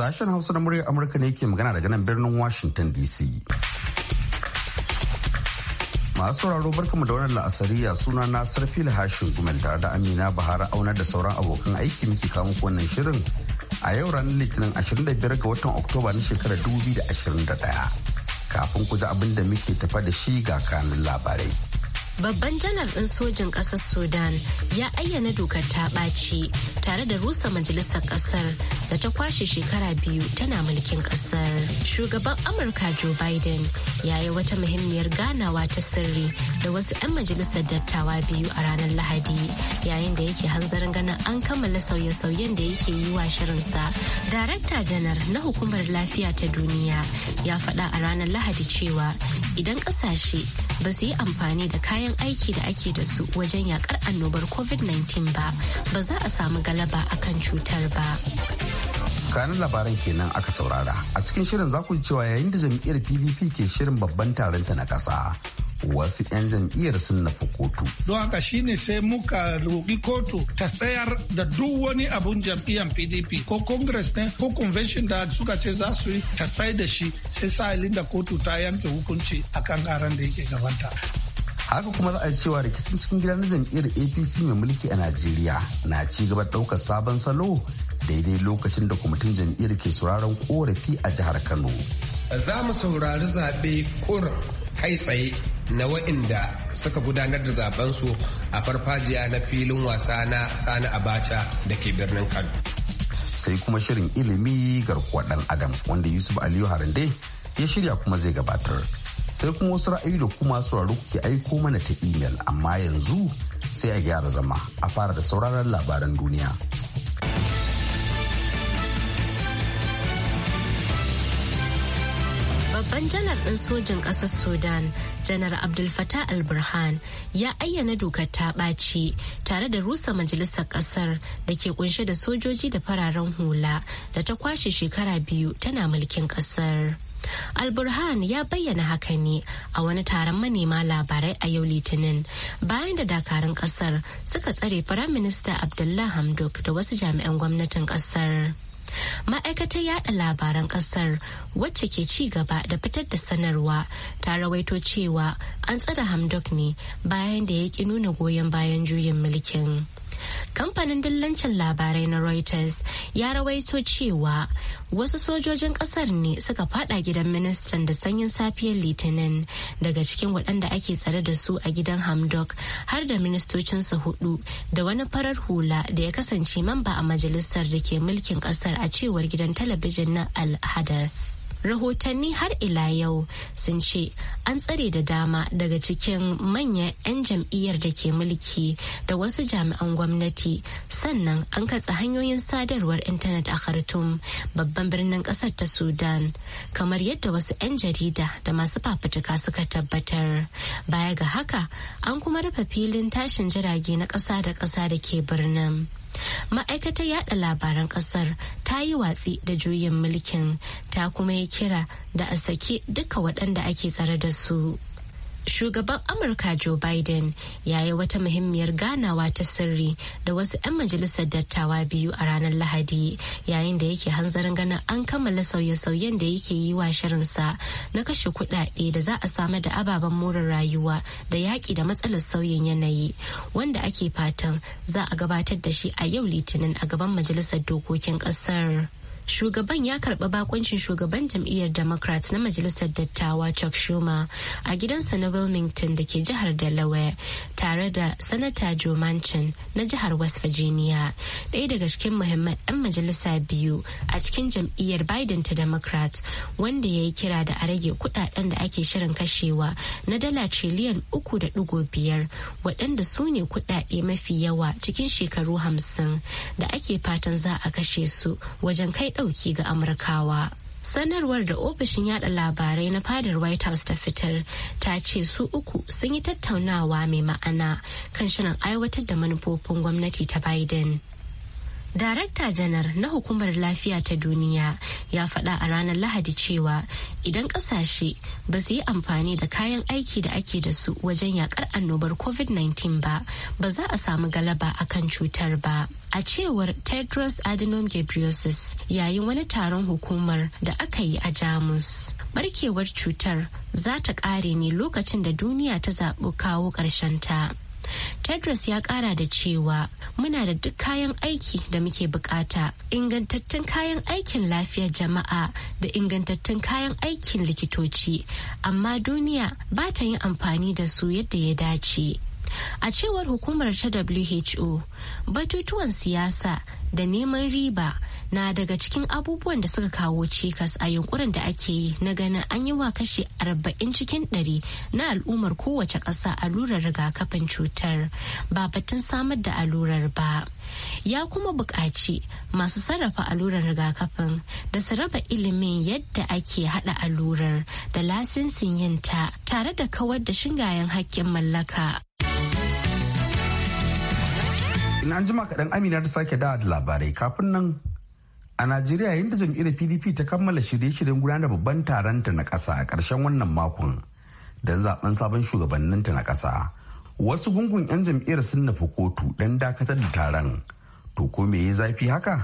Sashen Hausa na muryar Amurka ne ke magana daga nan birnin Washington DC. Masu sauraro barkamu da wannan la'asariya suna na sarfi hashin gumel tare da Amina Bahara auna da sauran abokan aiki muke kawo wannan shirin a yau ranar Litinin 25 ga watan Oktoba na shekarar 2021. Kafin ku ji abin da muke tafa da shi ga kanun labarai. babban janar ɗin sojin ƙasar sudan ya ayyana dokar ta ɓaci tare da rusa majalisar ƙasar da ta kwashe shekara biyu tana mulkin ƙasar shugaban amurka joe biden ya yi wata muhimmiyar ganawa ta sirri da wasu 'yan majalisar dattawa biyu a ranar lahadi yayin da yake hanzarin ganin an kammala sauye-sauyen da yake yi wa shirinsa darakta janar na hukumar lafiya ta duniya ya faɗa a ranar lahadi cewa idan ƙasashe ba su yi amfani da kayan aiki da ake da su wajen yakar annobar covid-19 ba ba za a samu galaba akan cutar ba kanin labaran kenan aka saurara a cikin shirin zakun cewa yayin da jam'iyyar pvp ke shirin babban taron ta na kasa wasu 'yan jam'iyyar sun nafi kotu. Don haka shine sai muka roƙi kotu ta tsayar da duk wani abun jam'iyyar PDP ko Congress ne ko convention da suka ce za su yi ta sai da shi sai sa da kotu ta yanke hukunci akan karan da yake gabanta. haka kuma za a cewa rikicin cikin gida na jam'iyyar apc mai mulki a najeriya na ci gaba ɗaukar sabon salo daidai lokacin da kwamitin jam'iyyar ke sauraron korafi a jihar kano za mu saurari zaɓe ƙurin kai tsaye na wa'inda suka gudanar da zabensu a farfajiya na filin wasa na sani abacha da ke birnin kano sai kuma shirin ilimi garkuwa dan adam wanda yusuf aliyu harande ya shirya kuma zai gabatar sai kuma wasu ra'ayi da kuma sauraro ke aiko mana ta imel amma yanzu sai a gyara zama a fara da sauraron labaran duniya Babban janar ɗin sojin ƙasar Sudan, janar Abdul Fattah al-Burhan, ya ayyana dokar ta ɓaci tare da rusa majalisar ƙasar da ke kunshe da sojoji da fararen hula da ta kwashe shekara biyu tana mulkin ƙasar. Al-Burhan ya bayyana haka ne a wani taron manema labarai a yau Litinin bayan da dakarun ƙasar suka tsare Firaminista Abdullah Hamdok da wasu jami'an gwamnatin ƙasar. ma'aikatar yada labaran kasar wacce ke ci gaba da fitar da sanarwa ta rawaito cewa an tsare hamdok ne bayan da ya ki nuna goyon bayan juyin mulkin kamfanin dillancin labarai na reuters ya rawaito cewa wasu sojojin kasar ne suka fada gidan ministan da sanyin safiyar litinin daga cikin waɗanda ake tsare da su a gidan hamdok har da ministocinsa hudu da wani farar hula da ya kasance mamba a majalisar da ke mulkin kasar a cewar gidan talabijin na al-hadath rahotanni har ila yau sun ce an tsare da dama daga cikin manyan 'yan jam'iyyar da ke mulki da wasu jami'an gwamnati sannan an katse hanyoyin sadarwar intanet a khartoum babban birnin kasar ta sudan kamar yadda wasu 'yan jarida da masu fafutuka suka tabbatar baya ga haka an kuma rufe filin tashin jirage na ƙasa da ƙasa da ke birnin ma'aikatar yada labaran kasar ta yi watsi da juyin mulkin ta kuma yi kira da a sake duka waɗanda ake tsare da su. shugaban amurka joe biden ya yi wata muhimmiyar ganawa ta sirri da wasu 'yan majalisar dattawa biyu a ranar lahadi yayin da yake hanzarin ganin an kammala sauye-sauyen da yake yi wa shirinsa na kashe kudade da za a samar da ababen more rayuwa da yaƙi da matsalar sauyin yanayi wanda ake fatan za a gabatar da shi a yau litinin a gaban majalisar dokokin ƙasar. shugaban ya karba bakuncin shugaban jam'iyyar democrat na majalisar dattawa chuck schumer a gidansa na wilmington da ke jihar delaware tare da sanata joe manchin na jihar west virginia ɗaya daga cikin muhimman 'yan majalisa biyu a cikin jam'iyyar biden ta democrat wanda ya yi kira da a rage kudaden da ake shirin kashewa na dala triliyan uku da digo biyar waɗanda su ne kudade mafi yawa cikin shekaru hamsin da ake fatan za a kashe su wajen kai ɗauki ga amurkawa sanarwar da ofishin yada labarai na fadar white house ta fitar ta ce su uku sun yi tattaunawa mai ma'ana kan shirin aiwatar da manufofin gwamnati ta biden Darakta janar na Hukumar Lafiya ta Duniya ya faɗa a ranar Lahadi cewa idan ƙasashe ba su yi amfani da kayan aiki da ake da su wajen yakar annobar COVID-19 ba, ba za a samu galaba a kan cutar ba. A cewar Tedros Adhanom Ghebreyesus yayin wani taron hukumar da aka yi a Jamus. Barkewar cutar za ta ƙare ne lokacin da duniya ta zaɓi kawo ƙarshen ta. tedros ya kara da cewa muna da duk kayan aiki da muke bukata ingantattun kayan aikin lafiyar jama'a da ingantattun kayan aikin likitoci amma duniya ba ta yin amfani da su yadda ya dace A cewar hukumar ta WHO, batutuwan siyasa da neman riba na daga cikin abubuwan da suka kawo cikas a yunkurin da ake yi na ganin an yi wa kashe 40 cikin 100 na al'ummar kowace ƙasa allurar rigakafin cutar ba batun samar da allurar ba. Ya kuma buƙaci masu sarrafa allurar rigakafin da su raba ilimin yadda ake haɗa allurar da lasinsin yinta tare da kawar da shingayen hakkin mallaka. in an jima kaɗan amina ta sake da labarai kafin nan a najeriya yayin da jam'iyyar pdp ta kammala shirye-shiryen gudanar babban ta na ƙasa a ƙarshen wannan makon don zaben sabon shugabanninta na ƙasa wasu gungun 'yan jam'iyyar sun nufi kotu don dakatar da taron to ko me ya zafi haka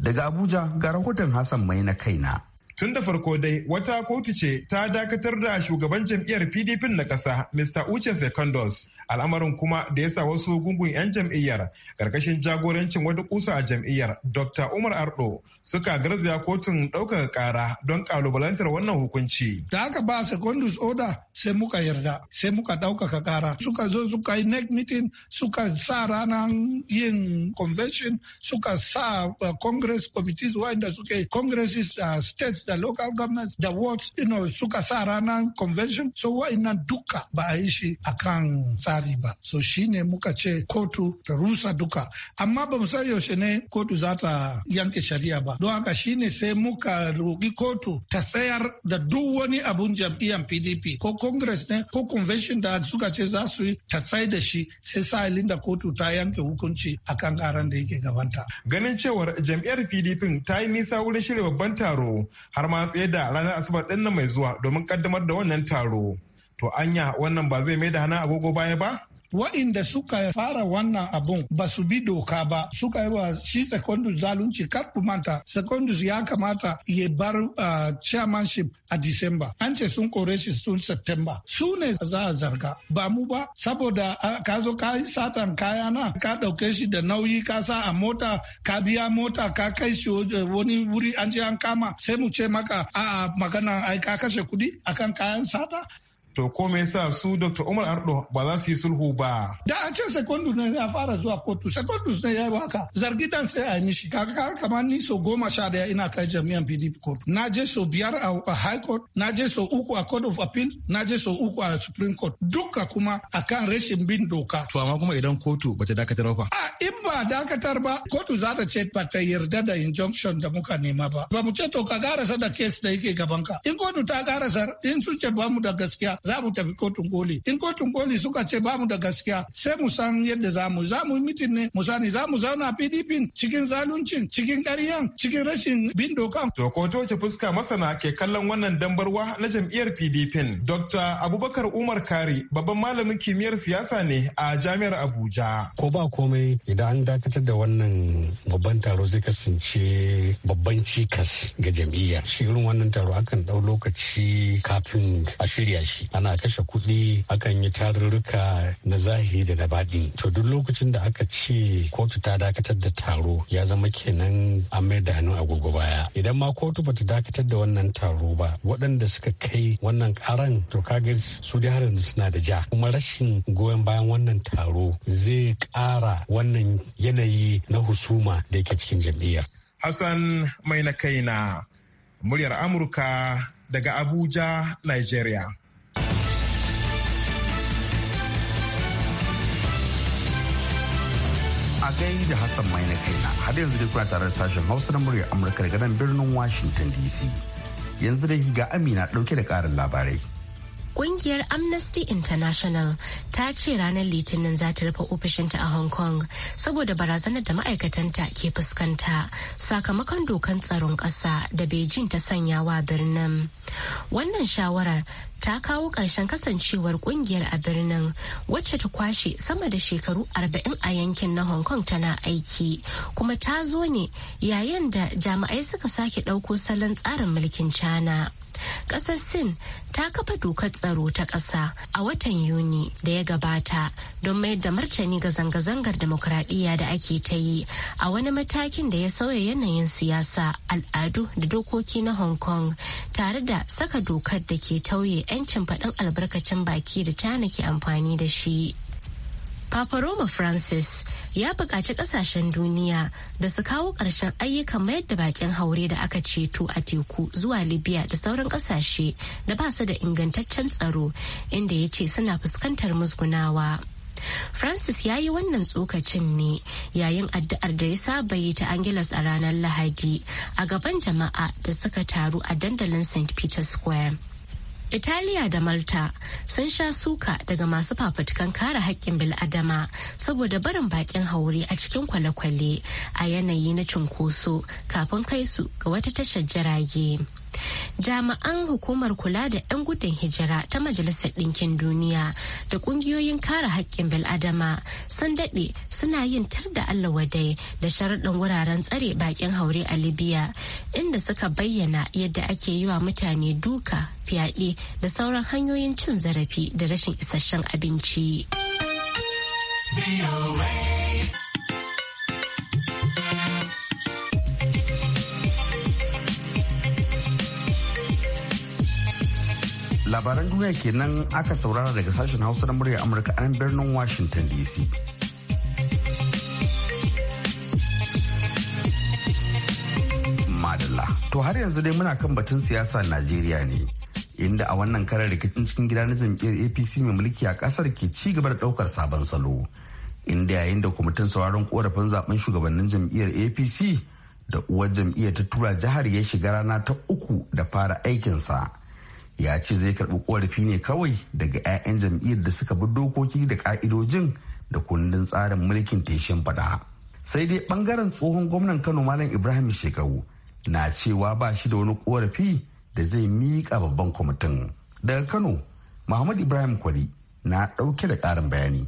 daga abuja ga rahoton hassan mai na kaina Tun da farko dai wata kotu ce ta dakatar da shugaban jam'iyyar PDP na ƙasa Mr. Uche Secondos al'amarin kuma da ya sa wasu gungun 'yan jam'iyyar ƙarƙashin jagorancin wata kusa a jam'iyyar Dr. Umar Ardo suka garzaya kotun ɗaukaka ƙara don ƙalubalantar wannan hukunci. Da aka ba Secondos oda sai muka yarda sai muka ɗaukaka ƙara suka zo suka yi next meeting suka sa ranar yin convention suka sa eh, congress committees wa'inda suke congresses uh, eh, states da local governments da wards you know, suka sa ranar convention so wa'annan duka ba a yi shi a kan tsari ba so shine muka ce kotu ta rusa duka amma ba mu san yaushe ne kotu za ta yanke shari'a ba don haka shine sai muka roƙi kotu ta sayar da duk wani abun jam'iyyar pdp ko congress ne ko convention da suka ce za su yi ta sai da shi sai sa da kotu ta yanke hukunci a akan karan da yake gabanta ganin cewar jam'iyyar pdp ta yi nisa wurin shirya babban taro har ma tsaye da ranar asabar ɗin mai zuwa domin kaddamar da wannan taro to anya wannan ba zai mai da hana agogo baya ba waɗanda suka fara wannan abun ba su bi doka ba suka yi wa shi secondus zalunci kar ku manta secondus ya kamata ya bar ah, chairmanship a December an ce sun kore shi sun September su ne za a zarga ba mu ba saboda ah, ka zo ka yi satan kaya na ka ɗauke shi da nauyi ka sa a mota ka biya mota ka kai shi wani wuri an je an kama sai mu ce maka a magana ai ka kashe kuɗi akan kayan sata To ko me yasa su Dr. Umar Ardo ba za su yi sulhu ba? Da a ce sekundu ne ya fara zuwa kotu, sekundu ne ya yi waka. Zargi sai a yi mishi. Kaga kamar ni so goma sha daya ina kai jami'an PDP kotu. Na je so biyar a High Court, na je so uku a Court of Appeal, na je so uku a Supreme Court. Duka kuma a kan rashin bin doka. To amma kuma idan kotu ta dakatar ba. A in ba dakatar ba, kotu za ta ce ba ta yarda da injunction da muka nema ba. Ba mu ce to ka garasa da kes da yake gaban ka. In kotu ta garasar, in sun ce ba mu da gaskiya, za mu tafi kotun koli in kotun koli suka ce ba mu da gaskiya sai mu san yadda za mu za mu yi ne mu sani za mu zauna pdp cikin zaluncin cikin ƙaryan cikin rashin bin dokan. to ko ta fuska masana ke kallon wannan dambarwa na jam'iyyar pdp dr abubakar umar kari babban malamin kimiyyar siyasa ne a jami'ar abuja. ko ba komai idan an dakatar da wannan babban taro zai kasance babban cikas ga jam'iyya shi irin wannan taro akan ɗau lokaci kafin a shirya shi ana kashe kuɗi akan yi tarurruka na zahiri da na baɗi to duk lokacin da aka ce kotu ta dakatar da taro ya zama kenan an mai da hannun agogo baya idan ma kotu bata dakatar da wannan taro ba waɗanda suka kai wannan karan to kaga su da harin suna da ja kuma rashin goyon bayan wannan taro zai ƙara wannan yanayi na husuma da yake cikin jam'iyyar hassan mai na kai na muryar amurka daga abuja nigeria a gai da Hassan mai na kaina har yanzu dai kuna tare da sashen Hausa na muryar Amurka daga nan birnin Washington DC. Yanzu dai ga Amina dauke da karin labarai. Ƙungiyar Amnesty International ta ce ranar Litinin za ta rufe ofishinta a Hong Kong saboda barazanar da ma'aikatanta ke fuskanta sakamakon dokan tsaron ƙasa da Beijing ta sanya wa birnin. Wannan shawarar ta kawo ƙarshen kasancewar ƙungiyar a birnin wacce ta kwashe sama da shekaru 40 a yankin na hong kong tana aiki kuma ta zo ne yayin da jami'ai suka sake ɗauko salon tsarin mulkin china Ƙasar Sin ta kafa dokar tsaro ta ƙasa a watan Yuni da ya gabata don mayar da martani ga zanga-zangar demokradiyya da ake ta yi a wani matakin da ya sauya yanayin siyasa, al'adu da dokoki na Hong Kong tare da saka dokar da ke tauye 'yancin faɗin albarkacin baki da China ke amfani da shi. Papa Roma Francis ya buƙaci ƙasashen duniya da su kawo ƙarshen ayyukan mayar da bakin haure da aka ceto a teku zuwa Libya da sauran ƙasashe da ba su da ingantaccen tsaro inda ya ce suna fuskantar musgunawa. Francis ya yi wannan tsokacin ne yayin addu'ar da ya saba yi ta Angeles a ranar Lahadi a gaban jama'a da suka taru a dandalin St. peters Square. Italiya da Malta sun sha suka daga masu fafutukan kare haƙƙin bil'adama saboda barin bakin haure a cikin kwale-kwale a yanayi na cunkoso kafin kai su ga wata tashar jirage. Jami'an hukumar kula da 'yan gudun hijira ta Majalisar Ɗinkin Duniya da ƙungiyoyin kare haƙƙin bil'adama sun daɗe suna yin tar da Allah wadai da sharaɗin wuraren tsare bakin haure a Libya inda suka bayyana yadda ake yi wa mutane duka, fyaɗe da sauran hanyoyin cin zarafi da rashin isasshen abinci. labaran duniya kenan aka saurara daga sashen hausa na murya amurka an birnin washington dc madalla to har yanzu dai muna kan batun siyasa najeriya ne inda a wannan karar rikicin cikin gida na jam'iyyar apc mai mulki a kasar ke ci gaba da daukar sabon salo inda yayin da kwamitin sauraron korafin zaben shugabannin jam'iyyar apc da uwar jam'iyyar ta tura jihar ya shiga rana ta uku da fara aikinsa ya ce zai karbi korafi ne kawai daga 'ya'yan jam'iyyar da suka bi dokoki da ka'idojin da kundin tsarin mulkin teshin fada sai dai bangaren tsohon gwamnan kano malam ibrahim shekaru na cewa ba shi da wani korafi da zai miƙa babban kwamitin daga kano muhammad ibrahim kwari na ɗauke da ƙarin bayani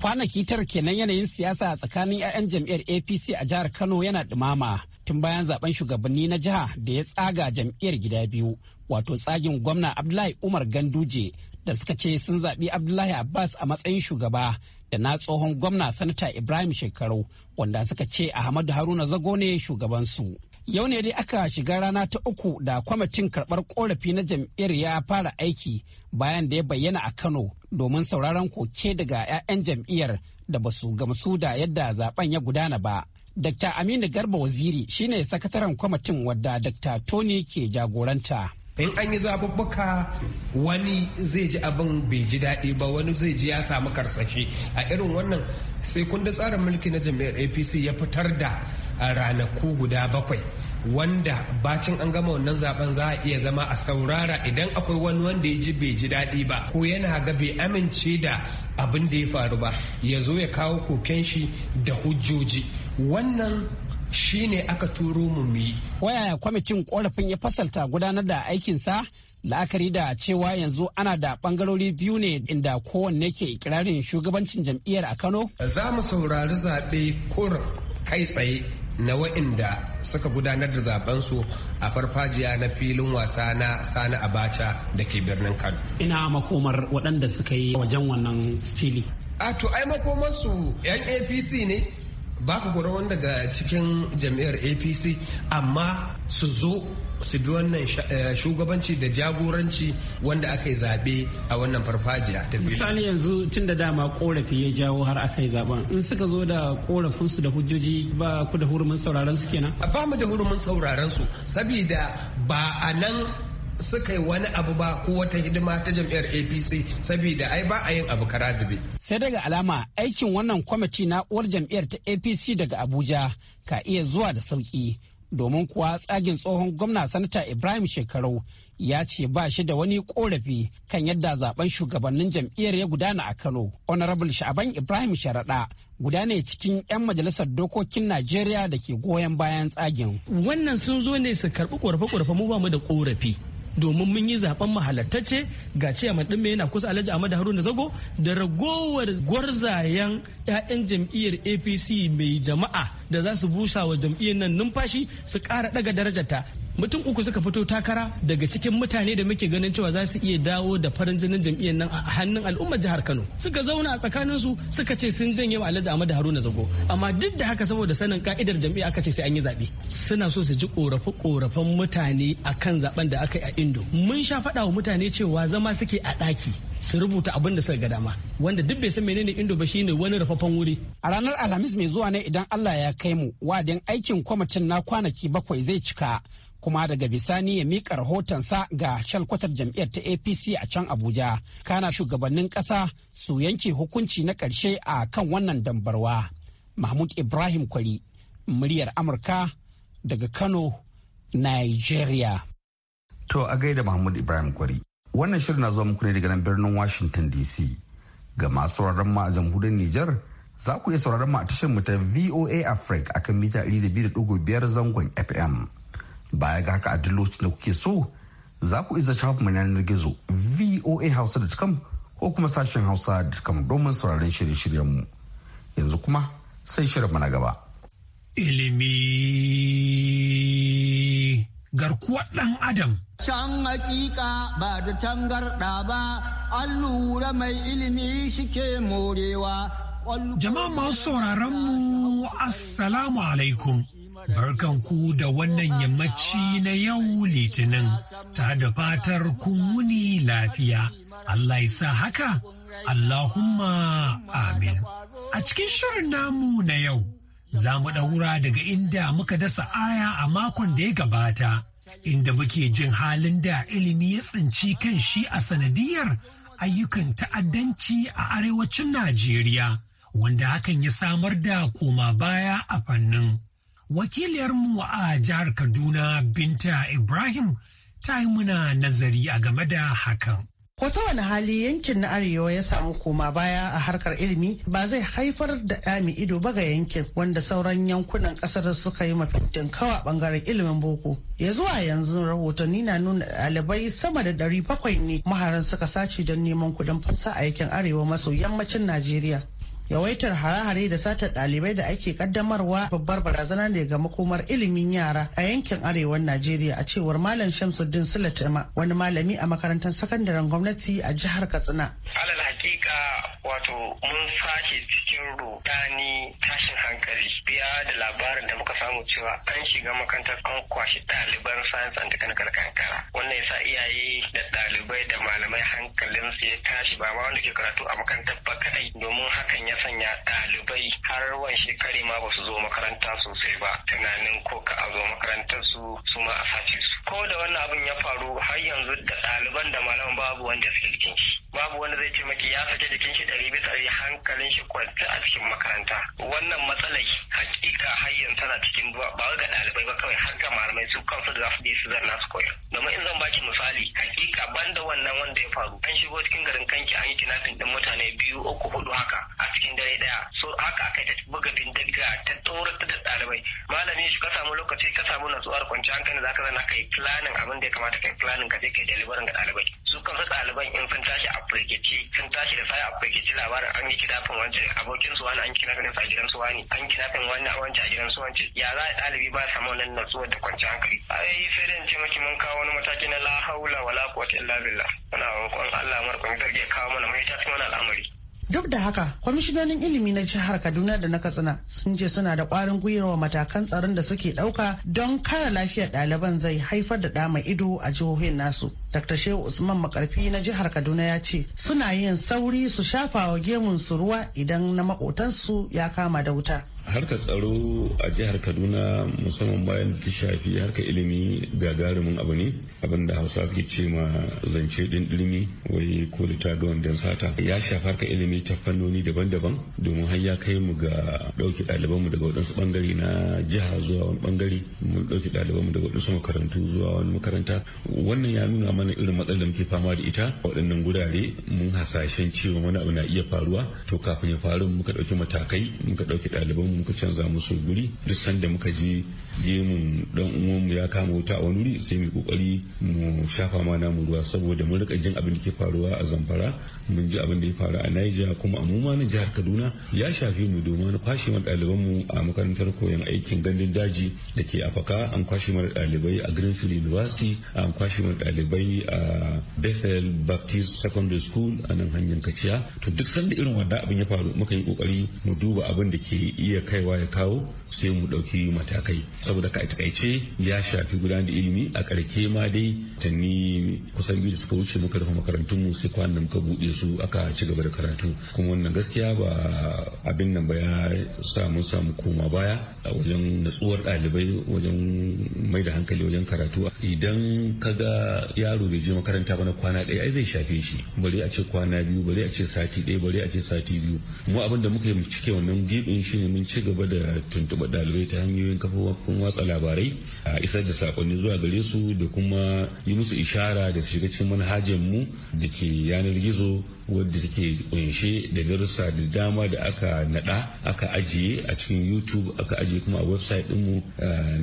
kwanaki tara kenan yanayin siyasa a tsakanin 'ya'yan jam'iyyar apc a jihar kano yana ɗumama tun bayan zaben shugabanni na jiha da ya tsaga jam'iyyar gida biyu wato tsagin gwamna abdullahi umar ganduje da suka ce sun zaɓi abdullahi abbas a matsayin shugaba da na tsohon gwamna sanata ibrahim shekaru wanda suka ce ahmadu haruna zago ne shugabansu yau ne dai aka shiga rana ta uku da kwamitin karɓar korafi na jam'iyyar ya fara aiki bayan da ya bayyana a kano domin sauraron koke daga 'ya'yan jam'iyyar da ba su gamsu da yadda zaben ya gudana ba Dr. Aminu Garba Waziri shine sakataren kwamitin wadda Dr. Tony ke jagoranta. In an yi zaɓuɓɓuka wani zai ji abin bai ji daɗi ba wani zai ji ya samu karsashi a irin wannan sai tsarin mulki na jami'ar APC ya fitar da ranaku guda bakwai wanda bacin an gama wannan zaben za a iya zama a saurara idan akwai wani wanda ya ji bai ji daɗi ba ko yana ga bai amince da abin da ya faru ba ya zo ya kawo koken shi da hujjoji wannan shi ne aka turo mu mi. Waya kwamitin korafin ya fasalta gudanar da aikinsa la'akari da cewa yanzu ana da bangarori biyu ne inda kowanne ke ikirarin shugabancin jam'iyyar a Kano. Za mu saurari zaɓe kurin kai tsaye na wa'inda suka gudanar da zabensu a farfajiya na filin wasa na sani abacha da ke birnin kano ina makomar waɗanda suka yi wajen wannan fili a to ai makomarsu yan apc ne Ba ku gurawan daga cikin jam'iyyar apc amma su zo su bi wannan eh, shugabanci da jagoranci wanda aka yi zaɓe a wannan farfajiya ta misali yanzu tun da dama korafi ya jawo har aka yi zaben in suka zo da korafinsu da hujjoji ba ku da hurumin sauraron su kenan ba mu da hurumin sauraron su saboda ba a nan suka yi wani abu ba ko wata hidima ta jam'iyyar apc saboda ai ba a yin abu zube. sai daga alama aikin wannan kwamiti na uwar jam'iyyar ta apc daga abuja ka iya zuwa da sauki domin kuwa tsagin tsohon gwamna sanata ibrahim shekarau ya ce ba shi da wani korafi kan yadda zaben shugabannin jam'iyyar ya gudana a kano honorable sha'aban ibrahim sharaɗa guda ne cikin 'yan majalisar dokokin najeriya da ke goyon bayan tsagin wannan sun zo ne su karɓi korafe-korafe mu ba mu da korafi domin mun yi zaben mahalattacce ga ciyaman ɗin yana kusa alhaji ahmad haruna zago da ragowar gwarzayen 'ya'yan jam'iyyar apc mai jama'a da za su busa wa jam'iyyar nan numfashi su ƙara daga darajarta mutum uku suka fito takara daga cikin mutane da muke ganin cewa za su iya dawo da farin jinin jam'iyyar nan a hannun al'ummar jihar Kano suka zauna a tsakanin su suka ce sun janye wa Alhaji Ahmad Haruna Zago amma duk da haka saboda sanin ka'idar jam'iyya aka ce sai an yi zabe suna so su ji korafe korafen mutane akan zaben da aka yi a Indo mun sha faɗawa wa mutane cewa zama suke a ɗaki su rubuta abin da suka ga dama wanda duk bai san menene indo ba shine wani rafafan wuri a ranar alhamis mai zuwa ne idan Allah ya kai mu wadin aikin kwamitin na kwanaki bakwai zai cika kuma daga bisani ya mika rahotonsa ga shalkwatar jam'iyyar ta apc a can abuja kana shugabannin ƙasa su yanke hukunci na ƙarshe a kan wannan dambarwa mahmud ibrahim kwari muryar amurka daga kano nigeria to a gaida mahmud ibrahim kwari wannan shirin na zuwa muku ne daga nan birnin washington dc ga masu sauraron mu a jamhuriyar niger za ku iya sauraron mu a tashar mu ta voa africa akan mita 102.5 zangon fm baya ga haka a duk lokacin da kuke so za ku iya shafin mu yanar gizo hausa voahausa.com ko kuma sashen hausa.com domin sauraron shirye-shiryen mu yanzu kuma sai shirin na gaba ilimi garkuwar ɗan adam Can hakika ba da tangarɗa ba, an mai ilimi shike morewa. Jama'a masu sauraron mu, Assalamu alaikum. Barkanku da wannan yammaci na yau litinin ta da fatar kun lafiya. Allah ya sa haka, Allahumma amin. A cikin shirin namu na yau, za mu ɗaura daga inda muka dasa aya a makon da ya gabata, inda muke jin halin da ilimi ya tsinci kan shi a sanadiyar ayyukan ta'addanci a arewacin Najeriya, wanda hakan ya samar da koma baya a fannin. wakiliyarmu a jihar Kaduna Binta Ibrahim ta yi muna nazari a game da hakan. Wata wani hali yankin na Arewa ya samu koma baya a harkar ilimi ba zai haifar da ɗami ido ba ga yankin wanda sauran yankunan ƙasar suka yi mafitin kawa ɓangaren ilimin boko. Ya zuwa yanzu rahotanni na nuna ɗalibai sama da ɗari bakwai ne maharan suka sace don neman kuɗin fansa a yankin Arewa maso yammacin Najeriya. yawaitar hare-hare da satar ɗalibai da ake kaddamarwa babbar barazana ne ga makomar ilimin yara a yankin arewan najeriya a cewar malam shamsuddin sulatima wani malami a makarantar sakandaren gwamnati a jihar katsina alal hakika wato mun sake cikin rudani tashin hankali biya da labarin da muka samu cewa an shiga makarantar an kwashi ɗaliban science and technical kankara wannan yasa iyaye da dalibai da malamai hankalinsu ya tashi ba ma wanda ke karatu a makarantar ba kadai domin hakan ya ya sanya ɗalibai har wani shekari ma ba su zo makaranta sosai ba tunanin ko ka a zo makarantar su su ma a sace su ko da wannan abin ya faru har yanzu da ɗaliban da malaman babu wanda suke jikin shi babu wanda zai ce maki ya fita jikin shi ɗari bisa ɗari hankalin shi kwanta a cikin makaranta wannan matsalai hakika har yanzu tana cikin duwa ba ga ɗalibai ba kawai har ga malamai su kansu da za su je su zanna su koya. domin in zan baki misali hakika ban da wannan wanda ya faru an shigo cikin garin kanki an yi kinafin ɗin mutane biyu uku hudu haka a cikin dare ɗaya so haka aka ta buga bindiga ta tsoratar da ɗalibai malami shi ka samu lokaci ka samu natsuwar kwanciyar hankali za ka zana ka yi planning abin da ya kamata kai planning ka je kai delivery ga ɗalibai su kan su ɗaliban in sun tashi a firgici sun tashi da sai a firgici labarin an yi kidafin wancan abokin su wani an ganin a gidan su wani an kidafin wani a wancan a gidan su wancan ya za a ɗalibi ba samu na zuwa da kwanci hankali a yi sai dai ce maki mun kawo wani mataki na la haula wala quwwata illa billah muna roƙon Allah mu rikon ya kawo mana mai cikin mana al'amari Duk da haka, kwamishinanin ilimi na jihar Kaduna da na Katsina sun ce suna da ƙwarin gwiwa matakan tsaron da suke ɗauka don kare lafiyar ɗaliban zai haifar da dama ido a jihohin nasu. Dr. Shehu Usman Makarfi na jihar Kaduna ya ce suna yin sauri su shafa wa gemun su ruwa idan na makotansu ya kama da wuta. harkar tsaro a jihar kaduna musamman bayan ta shafi harkar ilimi gagarumin abu ne abinda hausa suke ce ma zance din ilimi wai ko ta ga sata ya shafi harkar ilimi ta fannoni daban-daban domin har ya kai mu ga ɗauki ɗalibanmu daga waɗansu ɓangare na jiha zuwa wani ɓangare mun ɗauki ɗalibanmu daga waɗansu makarantu zuwa wani makaranta wannan ya nuna mana irin matsalar muke fama da ita waɗannan gurare mun hasashen cewa wani abu na iya faruwa to kafin ya faru muka ɗauki matakai muka ɗauki ɗalibanmu muka canza musu guri duk sanda muka je gemun dan uwanmu ya kama wuta a wani wuri sai mu kokari mu shafa ma namu ruwa saboda mun rika jin abin da ke faruwa a zamfara mun ji abin da ya faru a Niger kuma a muma na jihar Kaduna ya shafi mu domin kwashe mu ɗaliban mu a makarantar koyon aikin gandun daji da ke Afaka an kwashe mu ɗalibai a Greenfield University an kwashe mu ɗalibai a Bethel Baptist Secondary School a nan hanyar Kaciya to duk sanda irin wannan abin ya faru muka yi kokari mu duba abin da ke iya kaiwa ya kawo sai mu ɗauki matakai saboda ka takaice ya shafi gudanar da ilimi a ƙarke ma dai tanni kusan biyu da suka wuce muka rufe makarantun mu sai kwanan muka buɗe su su aka ci gaba da karatu kuma wannan gaskiya ba abin nan ba ya sa mun samu koma baya a wajen natsuwar ɗalibai wajen mai da hankali wajen karatu idan ka ga yaro bai je makaranta ba na kwana daya ai zai shafe shi bari a ce kwana biyu bari a ce sati ɗaya bari a ce sati biyu mu abin da muka yi mu cike wannan gibin shine mun ci gaba da tuntuɓa ɗalibai ta hanyoyin kafofin watsa labarai a isar da sakonni zuwa gare su da kuma yi musu ishara da shiga cikin manhajar mu da ke yanar gizo me wadda take kunshe da darussa da dama da aka nada aka ajiye a cikin youtube aka ajiye kuma a website dinmu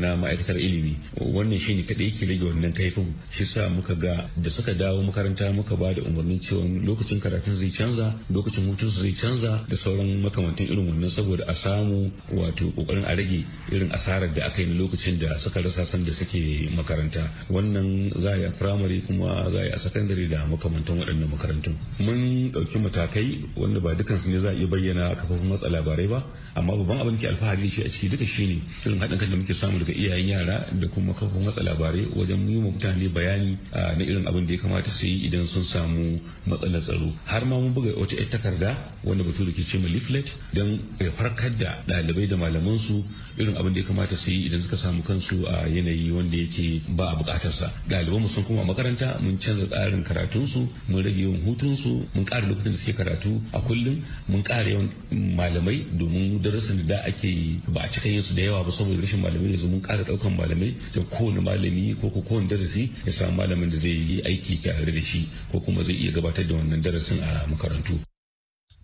na ma'aikatar ilimi wannan shine kadai yake rage wannan kaifin shi sa muka ga da suka dawo makaranta muka ba da umarnin cewa lokacin karatun zai canza lokacin hutun zai canza da sauran makamantan irin wannan saboda a samu wato kokarin a rage irin asarar da aka yi lokacin da suka rasa san da suke makaranta wannan za a yi a primary kuma za a yi a secondary da makamantan waɗannan makarantun mun dauki matakai wanda ba dukansu ne za a iya bayyana a kafofin watsa labarai ba amma babban abin ke alfahari shi a ciki duka shi ne irin haɗin kan da muke samu daga iyayen yara da kuma kafofin watsa labarai wajen yi wa mutane bayani na irin abin da ya kamata su yi idan sun samu matsalar tsaro har ma mun buga wata yar takarda wanda batu da ke ce leaflet don ya farkar da ɗalibai da su irin abin da ya kamata su yi idan suka samu kansu a yanayi wanda yake ba a buƙatarsa mu sun kuma makaranta mun canza tsarin karatunsu mun rage yawan hutunsu mun ƙara lokacin da suke karatu a kullum mun ƙara yawan malamai domin darasin da ake ba a cika yin su da yawa ba saboda rashin malamai yanzu mun ƙara ɗaukan malamai da kowane malami ko ko kowane darasi ya samu malamin da zai yi aiki tare da shi ko kuma zai iya gabatar da wannan darasin a makarantu.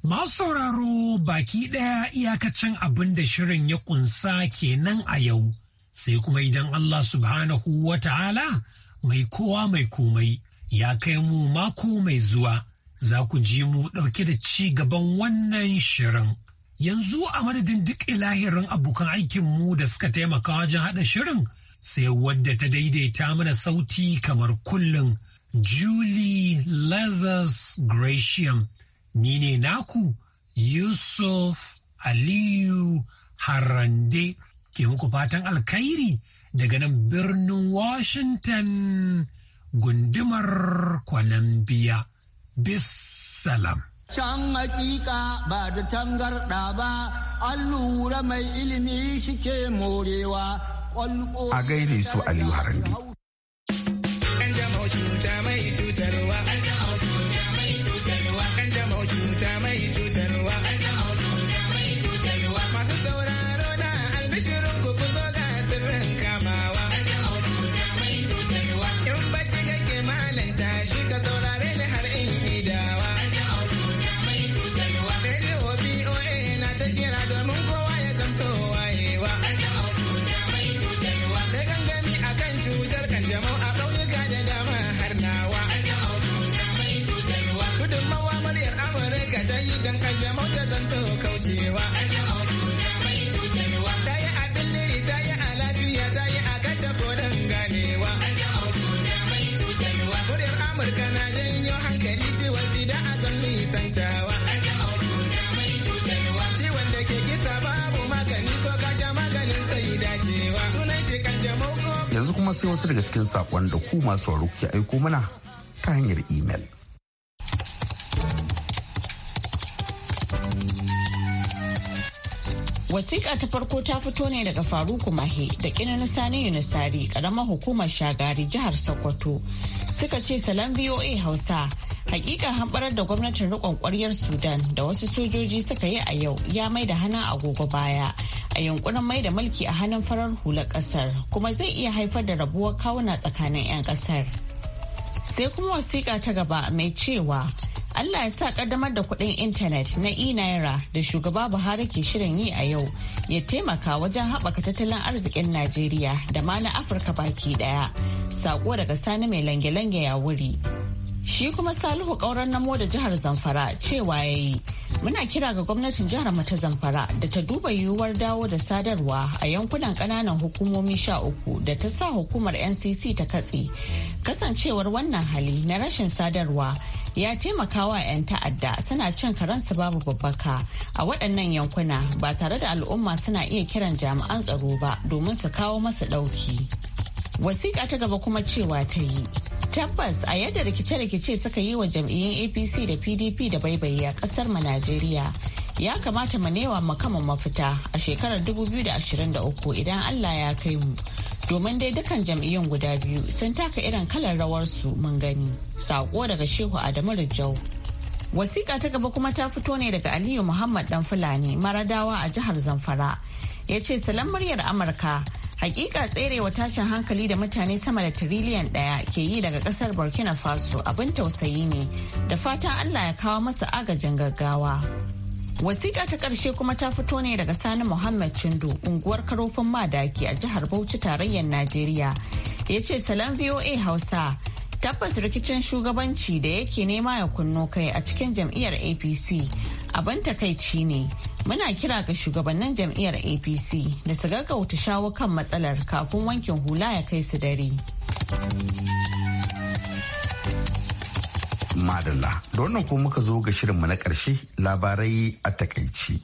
Masu sauraro baki ɗaya iyakacin abin da shirin ya kunsa kenan a yau, sai kuma idan Allah subhanahu wa ta'ala mai kowa mai komai ya kai mu mako mai zuwa za ku ji mu ɗauke da ci gaban wannan shirin. Yanzu a madadin duk ilahirin abokan aikinmu da suka taimaka wajen haɗa shirin sai wadda ta daidaita mana sauti kamar kullum. Julie Lazarus Gratiam, ni ne naku Yusuf Aliyu Harande ke muku fatan alkhairi daga nan birnin Washington gundumar Columbia. bisalam. Can hakika ba da tangarɗa ba, an lura mai ilimi shi ke morewa. A gaire su Aliyu Harande. wasu daga cikin saƙon da ku masu waro ke aiko mana ta hanyar imel. wasiƙa ta farko ta fito ne daga faruku mahe da ƙinin sani yunusari ƙaramar hukumar shagari jihar sokoto suka ce salon voa hausa hakika hamɓarar da gwamnatin riƙon ƙwaryar sudan da wasu sojoji suka yi a yau ya mai da hana agogo baya a yunkurin mai da mulki a hannun farar hula kasar kuma zai iya haifar da rabuwar kawuna tsakanin 'yan kasar sai kuma wasiƙa ta gaba mai cewa Allah ya sa kaddamar da kuɗin intanet na e-naira da shugaba Buhari ke shirin yi a yau ya taimaka wajen haɓaka tattalin arzikin Najeriya da ma na Afirka baki ɗaya. Sako daga sani mai lange-lange ya wuri. Shi kuma Salihu ƙauren namo da jihar Zamfara cewa ya yi. Muna kira ga gwamnatin jihar mata Zamfara da ta duba yiwuwar dawo da sadarwa a yankunan kananan hukumomi sha uku da ta sa hukumar NCC ta katse. Kasancewar wannan hali na rashin sadarwa ya taimaka wa 'yan ta'adda suna cin karansu babu babbaka a waɗannan yankuna ba tare da al'umma suna iya kiran jami'an tsaro ba domin su kawo masu ɗauki. Wasiƙa ta gaba kuma cewa ta yi Tabbas a yadda rikice-rikice suka yi wa jam'iyyun APC da PDP da baibayi a kasar mu Najeriya. Ya kamata mu newa makaman mafita a shekarar 2023 idan Allah ya kai mu. Domin dai dukan jam'iyyun guda biyu sun taka irin kalar rawarsu mun gani. Saƙo daga Shehu Adamu Rijau. Wasiƙa ta gaba kuma ta fito ne daga Aliyu Muhammad Dan Fulani Maradawa a jihar Zamfara. Ya ce, salon muryar Amurka, Hakika tserewa tashin hankali da mutane sama da tiriliyan daya ke yi daga kasar Burkina Faso abin tausayi ne da fatan Allah ya kawo masa agajin gaggawa. Wasiƙa ta ƙarshe kuma ta fito ne daga Sani Muhammad Chindo unguwar karofin madaki a jihar Bauchi tarayyar Najeriya. Ya ce salon VOA Hausa tabbas rikicin shugabanci da yake nema ya kunno kai a cikin jam'iyyar APC Aban takaici ne muna kira ga shugabannin jam'iyyar apc da su gaggauta shawo kan matsalar kafin wankin hula ya kai su dare madalla da wannan ko muka zo ga shirinmu na ƙarshe labarai a takaici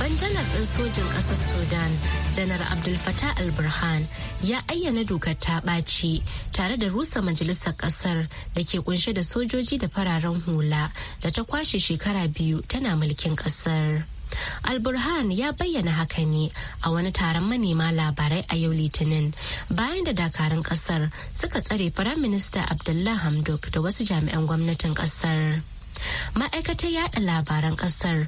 babban janar ɗin sojin ƙasar sudan janar abdul fatah al-burhan ya ayyana dokar ta ɓaci tare da rusa majalisar ƙasar da ke kunshe da sojoji da fararen hula da ta kwashe shekara biyu tana mulkin ƙasar. al alburhan ya bayyana haka ne a wani taron manema labarai a yau litinin bayan da dakarun ƙasar suka tsare firaminista abdullah hamdok da wasu jami'an gwamnatin ƙasar. ma'aikatar yada labaran kasar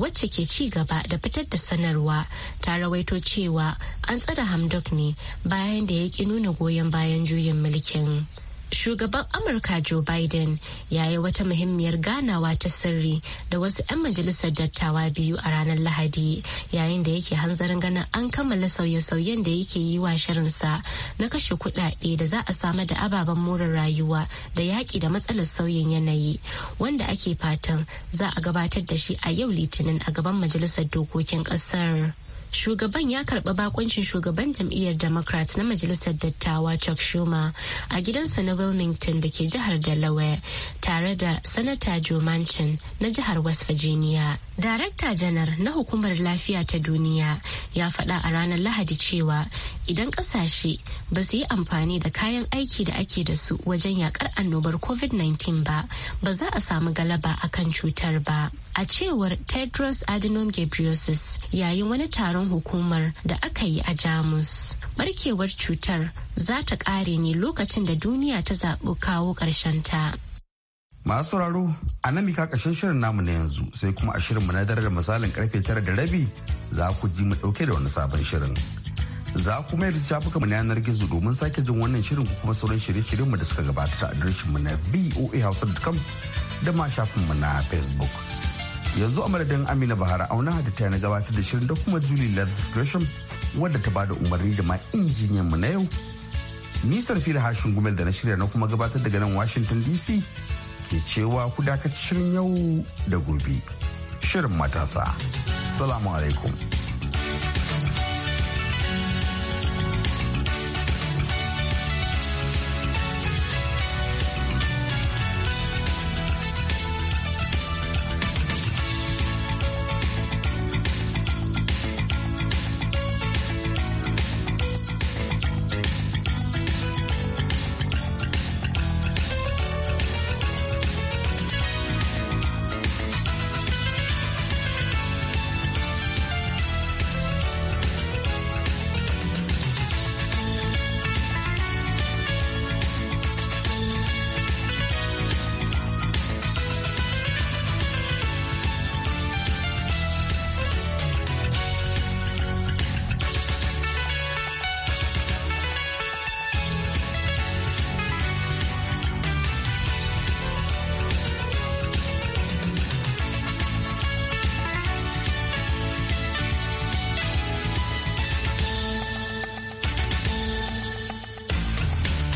wacce ke ci gaba da fitar da sanarwa ta rawaito cewa an tsare hamdok ne bayan da ya ki nuna goyon bayan juyin mulkin shugaban amurka joe biden ya yi wata muhimmiyar ganawa ta sirri da wasu 'yan majalisar dattawa biyu a ranar lahadi yayin da yake hanzarin ganin an kammala sauye-sauyen da yake yi wa shirinsa na kashe kudade da za a samar da ababen more rayuwa da yaƙi da matsalar sauyin yanayi wanda ake fatan za a gabatar da shi a yau litinin a gaban majalisar dokokin ƙasar. shugaban ya karɓi bakuncin shugaban jam'iyyar democrat na majalisar dattawa chuck schumer a gidansa na wilmington da ke jihar delaware tare da sanata joe manchin na jihar west virginia darakta janar na hukumar lafiya ta duniya ya faɗa a ranar lahadi cewa idan ƙasashe ba su yi amfani da kayan aiki da ake da su wajen yakar annobar covid-19 ba ba za a samu galaba akan cutar ba. a cewar tedros adhanom ghebreyesus yayin wani taron hukumar da aka yi a jamus barkewar cutar za ta ƙare ne lokacin da duniya ta zaɓi kawo ta. masu sauraro a nan mika ƙarshen shirin namu na yanzu sai kuma a shirin mu na dare da misalin karfe tara da rabi za ku ji mu ɗauke da wani sabon shirin za ku mayar da shafuka mu na yanar gizo domin sake jin wannan shirin ku kuma sauran shirye-shiryen mu da suka gabata a adireshin mu na voahausa.com da ma shafin mu na facebook yanzu a madadin amina bahara auna da ta na gabatar da shirin da kuma julie lazarus gresham wadda ta bada umarni da ma injiniyan mu na yau nisan fili hashin gumel da na shirya na kuma gabatar daga nan washington dc ke cewa ku dakaci shirin yau da gobe shirin matasa salamu alaikum